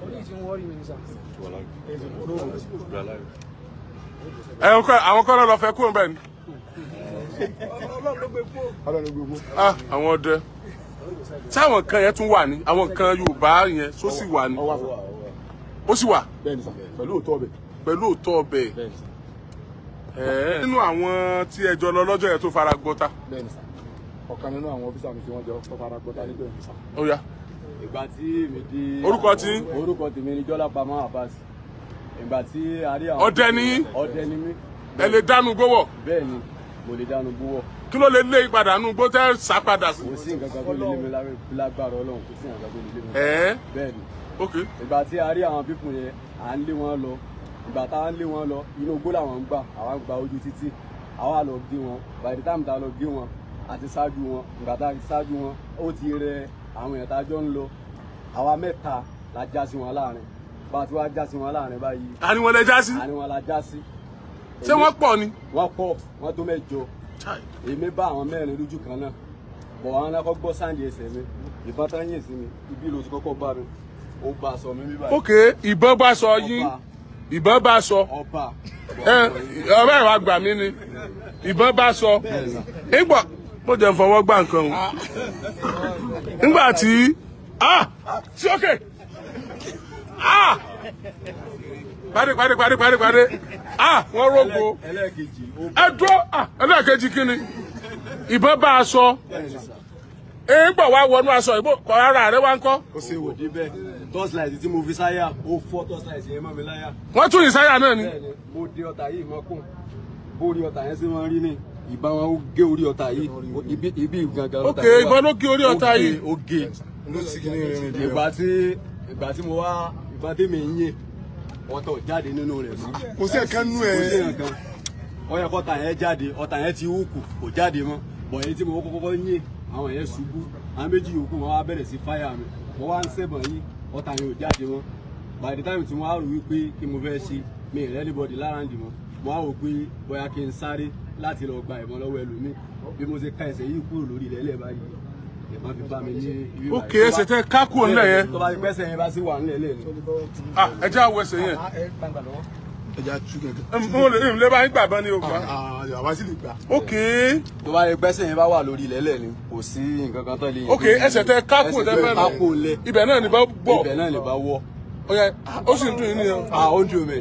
Only is worrying, sir. ẹ ń kọ́ àwọn kọ́ ló lọ fẹ́ kú ń bẹ̀ ni. Ah, àwọn ọdẹ táwọn kan yẹn tún wà ní àwọn kan Yorùbá yẹn tó sì wà ní ó sì wà pẹ̀lú òótọ́ ọbẹ̀ pẹ̀lú òótọ́ ọbẹ̀ nínú àwọn tí ẹjọ́ lọ lọ́jọ́ yẹn tó fara gbọ́ta. ọ̀kan nínú àwọn ọ́fíìsà mi tí wọ́n jọ fara gbọ́ta níbẹ̀. ó yá ìgbà tí èmi di. orúkọ tí. orúkọ tèmi ni jọlá pamọ́ abbas ìgbà tí a àwọn. ọdẹ ni ọdẹ ni mí. ẹ lè dánu gbówọ. bẹ́ẹ̀ ni mo lè dánu gbówọ. kí ló lè lé ìpadà nu gbó tẹ́ sá padà sí. kò sí nǹkan kan tó lè lé mi lágbára Ọlọ́run kò sí nǹkan tó lè lé mi. ẹ̀ẹ́ bẹ́ẹ̀ ni. ok. ìgbà tí a àwọn pípù yẹn à ń lé wọn lọ ìgbà tá à ń lé wọn lọ inú gbó làwọn ń gbà àwọn gba ojú títí àwa lọ gbé wọn by the time tá lọ gbé wọn àti ṣáájú wọn ìgbà tá a ti ṣáájú wọn ó ti rẹ àwọn èèyàn tá a jọ ń lọ àwa mẹ́ta la já sí wọn láàrin bá a ti wá já sí wọn láàrin báyìí. àní wọn lè já sí. àní wọn la já sí. ṣé wọ́n pọ̀ ni. wọ́n pọ̀ wọ́n tó mẹ́jọ èmi bá àwọn mẹ́rin lójú kan náà bọ̀ àwọn alákọ̀ gbọ́ sáǹdì ẹsẹ̀ mi ìbọn tán yìn sí mi ibi ìlòsí kọ́kọ́ bá mi ó bá a sọ mi bí báyìí. ok ìbọn bá sọ yín ìbọn bá sọ ọba ọba ìwà gbà mí ni ìbọn bá sọ mo jẹ́ fọwọ́ gbà nǹkan o ah. nígbà tí ah, sí òkè ah. pàdé pàdé pàdé pàdé ah won rògbò edo ah ẹlẹ́ẹ̀kejì kí ibo ba bá aṣọ èèpọ̀ wa wọnú aṣọ ìbò kọ ara rẹ nko? ń kọ́. wo? ṣe wò débẹ̀ tọ́sílàìtì tí fi sáyà ó fọ́ tọ́sílàìtì yẹn mọ́ mi laya. wọ́n ni. ni ìbá wa ó gé orí ọ̀tá yìí ibi gangan ọ̀tá yìí ìbá ló gé orí ọ̀tá yìí ó gé ìgbà tí ìgbà tí mo wá ìgbà tí ń yìn ọ̀tọ̀ jáde nínú rẹ̀ mọ́ kò sí ẹ̀kan nú ẹ̀ ọ̀yẹ̀ kọ́ta yẹn jáde ọ̀tá yẹn ti hùkù kò jáde mọ́ bọ̀ èyí tí mo kọ́kọ́ yìn àwọn yẹn ṣubú àwọn méjì yòókù wọn wá bẹ̀rẹ̀ sí fáyà mi mo wá ń sẹ́bọ̀n yìí ọ̀tá yẹn ò jáde mọ́ by the time tí mo wá rò wípé kí mo fẹ́ ṣe mi ì rẹ́ anybody lára ń dì mọ́ mo wá rò pé bóyá kí n sáré láti lọ gba ìmọ̀ lọ́wọ́ ẹlòmíì bí mo ṣe ká ẹsẹ̀ yìí kúrò lórí ilẹ̀ báyìí ìbọn fi bá mi ní ìwé ìwà. òkè ẹsẹ̀ tẹ ká kúrò yẹn. tó bá ti pẹ́sẹ̀ yẹn bá sì wà nílẹ̀ lẹ́nu. Ah, ẹ jẹ́ àwọ̀ ẹsẹ̀ yẹn. ẹ jẹ́ àtú kẹ̀kẹ́. mo bá yín gbàgbọ́ ni o gbà. Ah, ah, àwa sì lè gbà. òkè. tó bá ti pẹ́sẹ̀ yẹn bá wà lórí ilẹ̀ lẹ́nu kò sí nǹkan kan ó sì ń dùn yín nìyẹn. ó ń dùn mí.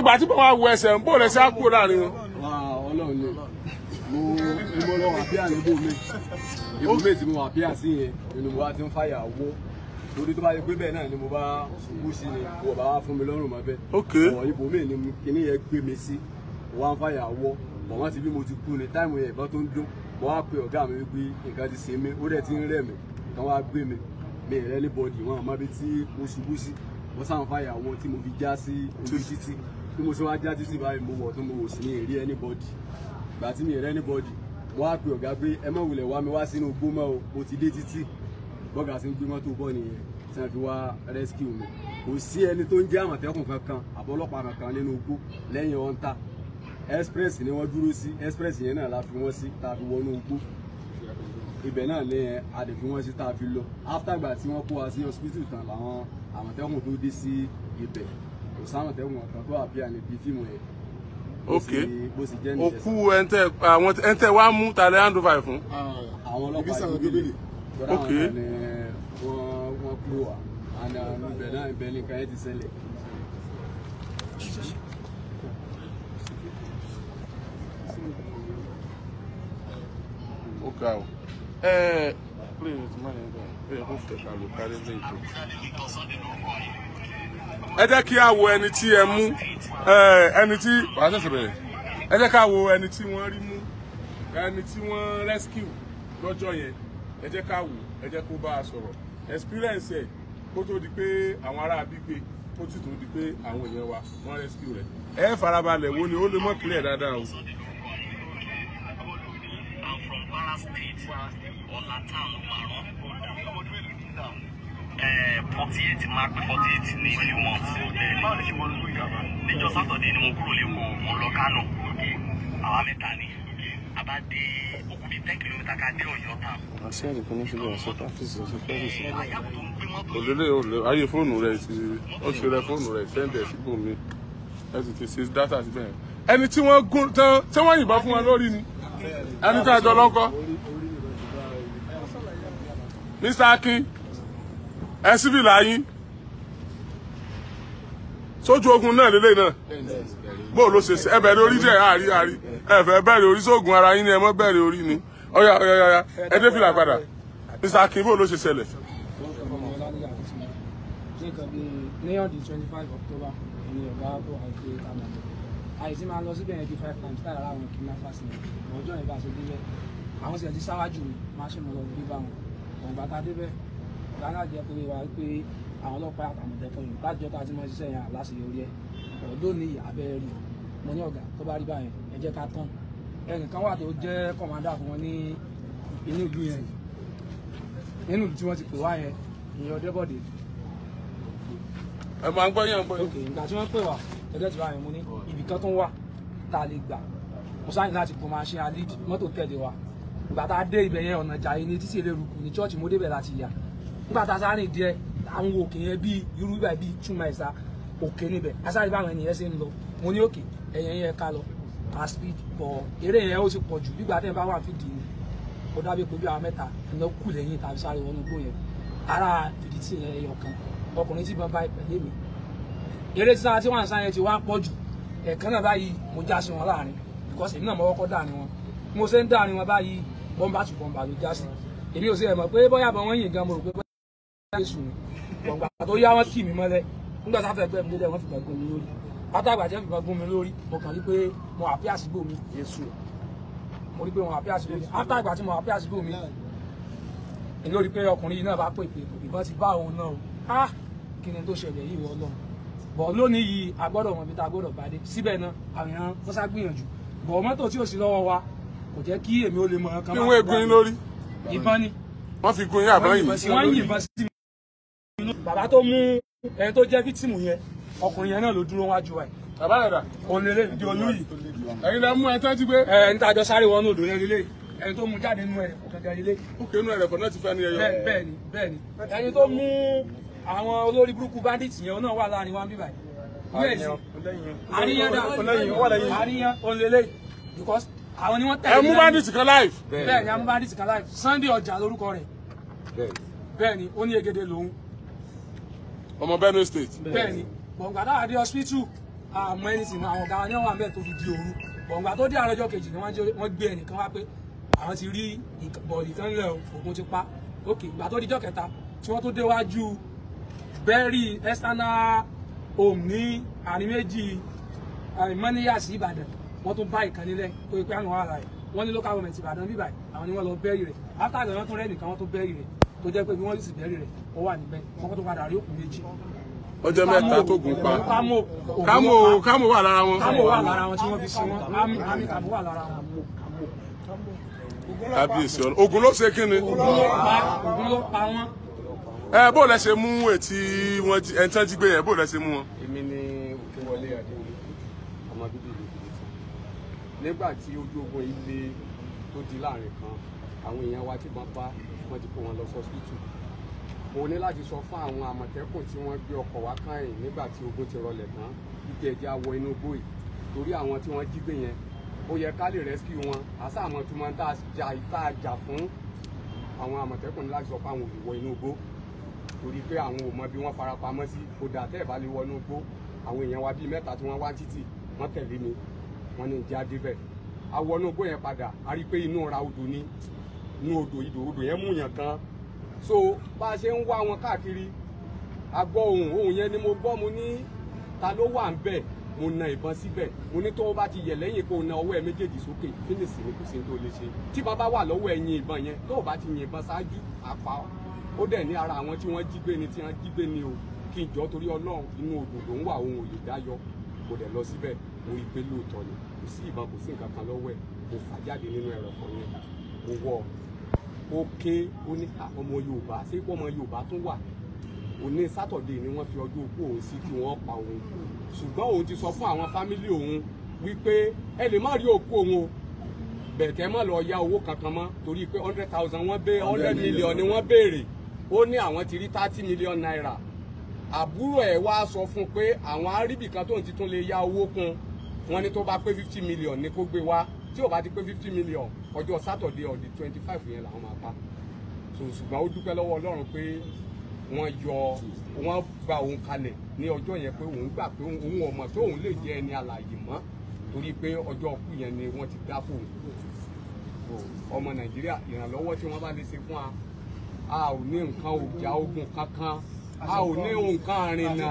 ìgbà tí bàbá wọ ẹsẹ̀ ń bó lẹ́sẹ̀ á kúrò láàrin Ọlọ́run ni mo mo lọ àpíà níbò mi ìbò mi tí mo àpíà sí yẹn nínú mo ti ń fàyà wó torí tó bá yẹ pé bẹ́ẹ̀ náà ni mo bá kú sí ni wọ́n bá wá fún mi lọ́rùn mọ́ ọ̀ ìbò mi ni kíní yẹn gbé mi sí wọ́n ń fàyà wọ́ mọ̀ wọ́n ti bí mo ti kú ni táìmù yẹn ìbọn tó ń dún mo wá pe ọ̀gá mi wípé nǹkan ti ṣe mí ó dẹ̀ ti ń rẹ̀ mí kan wá gbé mi mi ìrẹ́lẹ́bọ̀dì wọn àmọ́ bí tí mo ṣubú sí mo sáà ń fàyà wọ́ tí mo fi já sí ojú títí bí mo ṣe wá já títí báyìí mo wọ̀ tó mo wò sí ní èrí anybody ìgbà tí mi èrè anybody mo wá pe ọ̀gá pé ẹ má wulẹ̀ wá mi wá sínú igbó mọ́ o mo ti dé títì bọ́gà sí ń gbé mọ́tò bọ́ nìyẹn tí wọ́n fi wá rescue mi kò sí ẹni tó ń jẹ́ àmọ̀tẹ́kùn kankan àbọ̀lọ́pàá kankan nínú igbó lẹ́yìn ọ̀ǹta express ni wọ́n dúró sí express yẹn náà la fi wọ́n sí tá fi wọnú igbó ibẹ̀ náà ni a lè fi wọ́n sí tá fi lọ after gba tí wọ́n kó wa sí hospital tán làwọn àmọ̀tẹ́kùn tó dé sí ibẹ̀ kò sáwọn ok òkú ẹntẹ àwọn ẹntẹ wa mú ta lẹ hand over fún. àwọn ọlọ́pàá yìí bíbélì ok wọn kú wa àná ibẹ̀ náà ibẹ̀ ti ṣẹlẹ̀. ó ga ọ ẹ ẹ pé ìrètí máa kárí lẹ́yìn tó ẹ jẹ́ kí a wo ẹni tí ẹ mú ẹni tí wàá ṣẹ̀ṣẹ̀ bẹ̀rẹ̀ ẹ ká wo ẹni tí wọ́n rí mú ẹni tí wọ́n rescue lọ́jọ́ yẹn ẹ ká wò ẹ kó bá a sọ̀rọ̀ experience ẹ̀ kó tó di pé àwọn ará abígbé kó tó di pé àwọn èèyàn wa wọ́n rescue rẹ̀ ẹ farabalẹ̀ wo ni ó lè mọ̀ clear dáadáa o. State, Ọlá Town, Màrán, ọmọdún mélòó ní forty eight máa pé forty eight ní few months. báwo lè ṣe wọlé tó yàrá. níjọ́ sátọ̀dé ni mo kúrò lẹ́kọ̀ọ́ mo lọ Kánò àwa mẹ́ta ni àbá dé òkú bíi ten kilometre ká dé Ọ̀yọ́ náà. àṣẹ àdìpọ ní sílẹ̀ ọsẹ káfíìsì ọsẹ káfíìsì. òlélẹ òlẹ ayé fóònù rẹ ti ó ṣe rẹ fóònù rẹ sẹńdẹ síbò mi ẹ sì ti ṣe dátà síbẹ̀ yẹn. ẹni tí wọ́n gún tán tí wọ́n yìnbọn fún wọn lórí ni ẹni tí àjọ lọ́kọ́ Mr. Akin ẹ sífìlà yín sójú ogun náà lélẹ̀ náà bó ló ṣe ṣe ẹ bẹ̀rẹ̀ orí díẹ̀ àárí àárí ẹ fẹ́ bẹ̀rẹ̀ orí sóògùn ara yín ni ẹ mọ́ bẹ̀rẹ̀ orí ni ọ̀yà ọ̀yà ọ̀yà ẹ dé fìlà padà Mr. Akin bó ló ṣe ṣẹlẹ̀. ní ọ̀dì twenty five October ni ọ̀gá tó àìpé kàmọ́ àìsí máa lọ síbẹ̀ yẹn di five times láì ráwọn kí n máa fásitì ọjọ́ yẹn bá ṣe débẹ̀ àwọn sì ẹ̀ ti sáwájú mi máa ṣe mọ̀ lọ gbé bá wọn ọ̀gbà ta débẹ̀ láńgàjẹ́ pé wá pé àwọn ọlọ́pàá àtàmọ̀tẹ́kùn yìí lájọ́ tá a ti máa ṣiṣẹ́ yẹn àláṣeyọrí ẹ̀ ọ̀dọ́ ní abẹ́rẹ́ rí mo ní ọ̀gá tó bá rí báyẹn ẹ jẹ́ ká tán ẹnìkan wà tó jẹ́ kọ̀mọ́dà fún wọn ní inú ìlú yẹn nínú ìlú tí wọ́n ti pè wá yẹn ìyẹn ọdẹ́bọ̀dé. ẹ máa ń gbọ́ yẹn ń gbọ́ yẹn. ok ìgbà tí wọ́n pè wá ẹgbẹ́ tí wọ́n yẹn mo ní ibìkan tó ń wà tá a lè gbà mo sáyìn láti kó máa ṣe alíd mọ́tò tẹ̀lé wa ìgbà tá a dé ibẹ̀ yẹn ọ̀nà ìjà yìí ní títí eléruku ní chọ́ọ̀chì mo débẹ̀ láti nígbà tá a sáré rìn díẹ̀ àwọn òkè yẹn bíi irú ibà bíi two miles a òkè níbẹ̀ a sáré báwọn ènìyàn ṣe ń lọ mo ní òkè ẹ̀yẹ yẹn ká lọ a speed bọ̀ eré yẹn ó ti pọ̀ jù nígbà tẹ́ bá wà fìdí ó dábí pé bí àwọn mẹ́ta ẹ̀yàn kù lẹ́yìn tàbí sáré wọnú igbó yẹn ara fìdí tì yẹn ẹyọ kan ọkùnrin tí bàbá ìpẹ̀lẹ́ mi eré sísan tí wọ́n ń sáyẹn ti wá pọ̀ jù ẹ̀kan náà báyìí mo já sí wọn láàrin because èmi náà mo kọ́kọ́ dáàrin wọn mo ṣe ń dáàrin wọn báyìí bọ́mbà tù bọ́mbà ló já sí èmi ò sí ẹ̀ mọ̀ pé bóyá bọ́ wọ́n yìn gan mo rò pé jésù tó yá wọn kì mí mọ́lẹ̀ nígbà tá a fẹ́ mi délẹ̀ wọ́n fìgbà gún mi lórí látàgbà jẹ́ fìgbà gún mi lórí mo kàn rí pé mo àpí àsìgbò mi jésù mo rí pé mo àpí àsìgbò mi látàgbà tí mo àpí àsìgbò mi lórí pé ọkùnrin yìí náà bá pè ìbọn ti bá òun náà o kí ni tó ṣẹlẹ̀ yìí wọ́n náà bọ̀ lónìí yìí a gbọ́dọ̀ wọn bí ta gbọ́dọ̀ bá dé síbẹ̀ náà àwọn èèyàn sá gbìyànjú bọ̀ mọ́tò tí ò sí lọ́wọ́ wa kò jẹ́ kí èmi ó lè mọ kan máa bàbá tó mú ẹni tó jẹ́ fítìmù yẹn ọkùnrin yẹn náà ló dúró wájú wa bàbá ẹ̀dà òun lè di olú yìí ẹ̀yin lẹ mú ẹtọ́ ti gbé. ẹ n tàjọ sáré wọnú odò yẹn lílé ẹni tó mú jáde nínú ẹ̀rẹ̀ kò gẹ́gẹ́ lílé. ó kéwọ́n ẹ̀rẹ̀ kò náà ti fẹ́ ni ẹyọ. bẹ́ẹ̀ni bẹ́ẹ̀ni ẹni tó mú àwọn olórí burúkú bandits yẹn náà wà láàrin wa ń yìí. àríyàn òun lè lè because àwọn ni wọ́n tẹ̀lé. ẹ mú bandits kan live. bẹ́ẹ̀ni ẹ mú bandits kan live Sunday ọjà lórúkọ rẹ̀ bẹ́ẹ̀ni ó ní egede lòun ọmọ Benue state. bẹ́ẹ̀ni gbọ̀ngbà dáhà dé hospital àmọ́ ẹni sì àwọn ọ̀gá ni wọ́n wà ń bẹ̀ tó fi di òru gbọ̀ngbà tó dé àrọ́jọ́ kejì ni wọ́n gbé ẹnìkan wá pé àwọn ti rí bọ̀ọ̀lì kan lẹ̀ ògùn ti pa ok ìgbà tó dijọ́ kẹta tí wọ́n tó déwájú bẹ́ẹ̀rì external home ní àárín méjì eh, mọ́níyà sí Ìbàdàn wọ́n tún bá ìkan nílẹ̀ pé pé àwọn ará rẹ̀ wọ́n ní local government Ìbàdàn bíbáyìí àwọn ni wọ́n lọ bẹ́ẹ̀rì rẹ̀ after that wọ́n tún rẹ́ nìkan wọ́n tún bẹ́ẹ̀rì rẹ̀ tó jẹ́ pé bí wọ́n sì bẹ̀rẹ̀ rẹ̀ ó wà níbẹ̀ wọ́n tó padà rí òkú méjì ọjọ́ mẹ́ta tó gùn pa kámò kámò wà lára wọn. kámò wà lára wọn tí wọ́n fi sin wọn àmì kàmò wà lára wọn. kábíyèsí ọ̀rọ̀ ogun ló ṣe kíni. ogun ló pa wọn. ẹ bó lẹ ṣe mú ètí wọn ẹni tán jí gbé yẹn bó lẹ ṣe mú wọn. èmi ni òkèwọlé adéwọlé ọmọ bíbí ìlú kìrìtì nígbà tí ojú ogun ilé tó di láàrin kan àwọn èèyàn wa ti máa bá wọ́n ti kó wọn lọ sọ́sìbítù mo ní láti sọ fún àwọn àmọ̀tẹ́kùn tí wọ́n gbé ọkọ̀ wá káyìn nígbà tí ogun ti rọlẹ̀ tán wípé ẹja wọ inú igbó yìí torí àwọn tí wọ́n jí gbé yẹn ó yẹ ká lè rescue wọn àṣà àwọn tí wọ́n tá a jà fún àwọn àmọ̀tẹ́kùn ní láti sọ pé àwọn òbí wọ inú igbó torí pé àwọn ò mọ bí wọ́n fara pamọ́ sí kódà tẹ́ ẹ̀ bá lè wọ inú igbó àwọn èèyàn wa bíi mẹ́ta tí wọ́n wá títì wọ́n tẹ̀lé mi wọ́n ní ìjà débẹ̀ a wọ inú igbó yẹn padà a rí i pé inú ra odò ni ní odò ìdò odò yẹn mú yàn kan so bá a ṣe ń wá wọn káàkiri a gbọ́ ohùn ohùn yẹn ni mo gbọ́ mo ní ta ló wà ń bẹ̀ mo na ìbọn síbẹ̀ mo ní tọ́wọ́ bá ti yẹ̀ lẹ́yìn kó na ọwọ́ ẹ méjèèjì sókè fínísì ni kò tó lè ṣe tí bàbá wà lọ́wọ́ ẹ yin ìbọn yẹn tó bá ti yin ìbọn ṣáájú àpá ó dẹ̀ ní ara àwọn tí wọ́n jí gbé ni tí wọ́n jí gbé ni o kí n jọ torí ọlọ́run inú odò ń wà òun ò dáyọ kò dẹ̀ lọ síbẹ̀ mo rí i pé lóòótọ́ ni kò sí ìbọn kò sí nǹkan kan lọ́wọ́ ẹ̀ mo fà jáde nínú ẹ̀rọ kan yẹn mo wọ ó ké ó ní ọmọ yorùbá ṣé ọmọ yorùbá tún wà òní sátọ̀dé ni wọ́n fi ọjọ́ òkú òun sí kí wọ́n pa òun ṣùgbọ́n òun ti sọ fún àwọn fámílì òun wípé ẹ lè má rí òkú òun o bẹ̀tẹ̀ má lọ ya owó kankan mọ́ torí pé hundred thousand wọ́n bẹ́ hundred million ni wọ́n béèrè ó ní àwọn ti rí thirty million naira àbúrò ẹ̀ wá sọ fún pé àwọn aríbìkan tóun ti tún lè ya owó kún wọn ní tó bá pé fifty million ni kó gbé wá tí ò bá ti pé fifty million ọjọ́ sátọ̀dé ọ̀dí twenty five yẹn làwọn máa pa so ṣùgbọ́n ó dúpẹ́ lọ́wọ́ ọlọ́run pé wọ́n yọ wọ́n gba òun kalẹ̀ ní ọjọ́ yẹn pé òun gbà pé òun ọmọ tó òun lè jẹ́ ẹni alààyè mọ́ torí pé ọjọ́ ọkú yẹn ni wọ́n ti dá fóun ọmọ nàìjíríà ìrànlọ́wọ́ tí wọ́n bá lè ṣe fún wa a ò ní nǹkan òjà ogun kankan a ò ní nǹkan àrìnà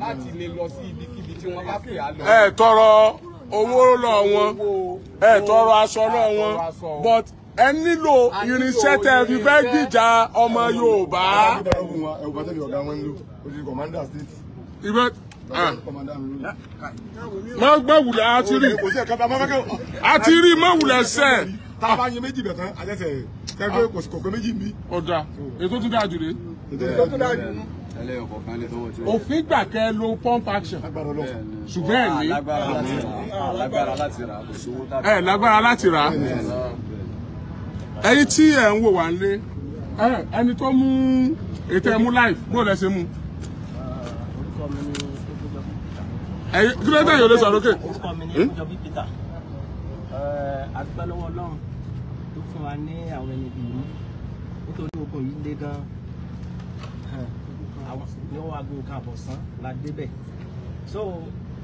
láti lè lọ sí ibikíbi tí wọ́n bá pè á lọ. ẹ tọrọ owó lọ wọn ẹ tọrọ aṣọ lọ wọn but ẹ nílò irinṣẹ́ tẹ fi fẹ́ gbìjà ọmọ Yorùbá. ìbẹ́ ah. má gbọ́ wùlẹ̀ àtìrí àtìrí má wùlẹ̀ sẹ́. tá a bá yẹ méjì bẹ̀ tán àjẹsẹ̀ kẹ́kẹ́ ah. kò pé méjì bí. ọ̀dà ètò tó dáa jù rè é. ètò tó dáa jù òfin gbà kẹ́ ẹ lo pump action ṣùgbọ́n ẹ̀ ní ẹ̀ lágbára láti rà ẹ̀yin tí ẹ̀ ń wò wá nílé ẹni tó mú ètò ẹ̀mú life bó lẹ ṣe mú ẹ̀yin kí ló dé yòó lè sọ̀rọ̀ orúkọ mi ni ọjọ́ hm? bí Peter adúpẹ́ lọ́wọ́ Ọlọ́run tó fún wa ní àwọn ẹni bìí nítorí ogun yìí le gan àwọn ní wọn aago kan àbọ̀sán la débẹ̀ so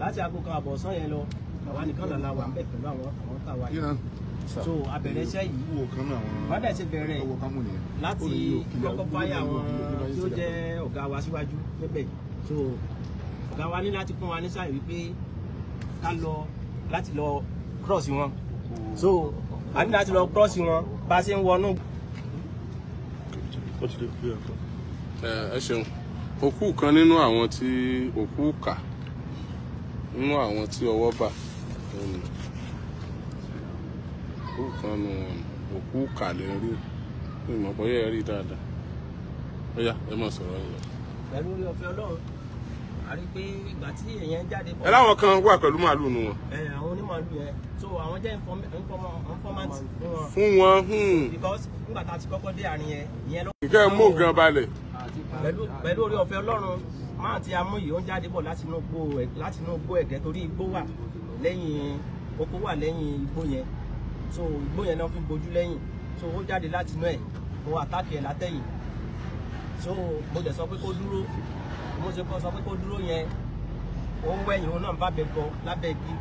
láti aago kan àbọ̀sán yẹn lọ àwa nìkan là la wà ń bẹ̀ pẹ̀lú àwọn àwọn táwa yìí so abẹ̀rẹ̀ iṣẹ́ yìí wọ́n dẹ̀ ti bẹ̀rẹ̀ láti kọ́kọ́ fáyà àwọn tí ó jẹ́ ọ̀gá wa síwájú níbẹ̀ so ọ̀gá wa ní láti fún wa ní sáyẹ̀ wípé ká lọ láti lọ cross wọn so a ní láti lọ cross wọn bá a ṣe ń wọnú. ẹ ṣeun òkú kan nínú àwọn tí òkú kà nínú àwọn tí ọwọ́ bà òkú kan nù òkú kà lẹ́rú ìmọ̀ bóyá ẹ rí dáadáa bóyá ẹ mọ̀ sọ̀rọ̀ yẹn. pẹ̀lú ọ̀fẹ́ ọlọ́run a rí pé ìgbà tí èèyàn jáde bọ̀. ẹ láwọn kan wà pẹ̀lú màálù nu wọn. ẹ àwọn onímàálù yẹn so àwọn jẹ́ informant fún wọn. Hmm. because nígbà tá a ti kọ́kọ́ dé àárín yẹn ìyẹn mú gan balẹ̀ pẹ̀lú orí ọ̀fẹ́ ọlọ́run máa ti amúyí ó ń jáde bọ̀ láti inú igbó torí igbó wà lẹ́yìn oko wà lẹ́yìn igbó yẹn so igbó yẹn náà fi bojú lẹ́yìn so ó jáde láti ẹ̀ kó àtàkì ẹ̀ látẹ̀yìn so mo dẹ̀ sọ pé kó dúró mo ṣe kọ́ sọ pé kó dúró yẹn ó ń wẹ̀yìn òun náà bá bẹ gan lábẹ́ igi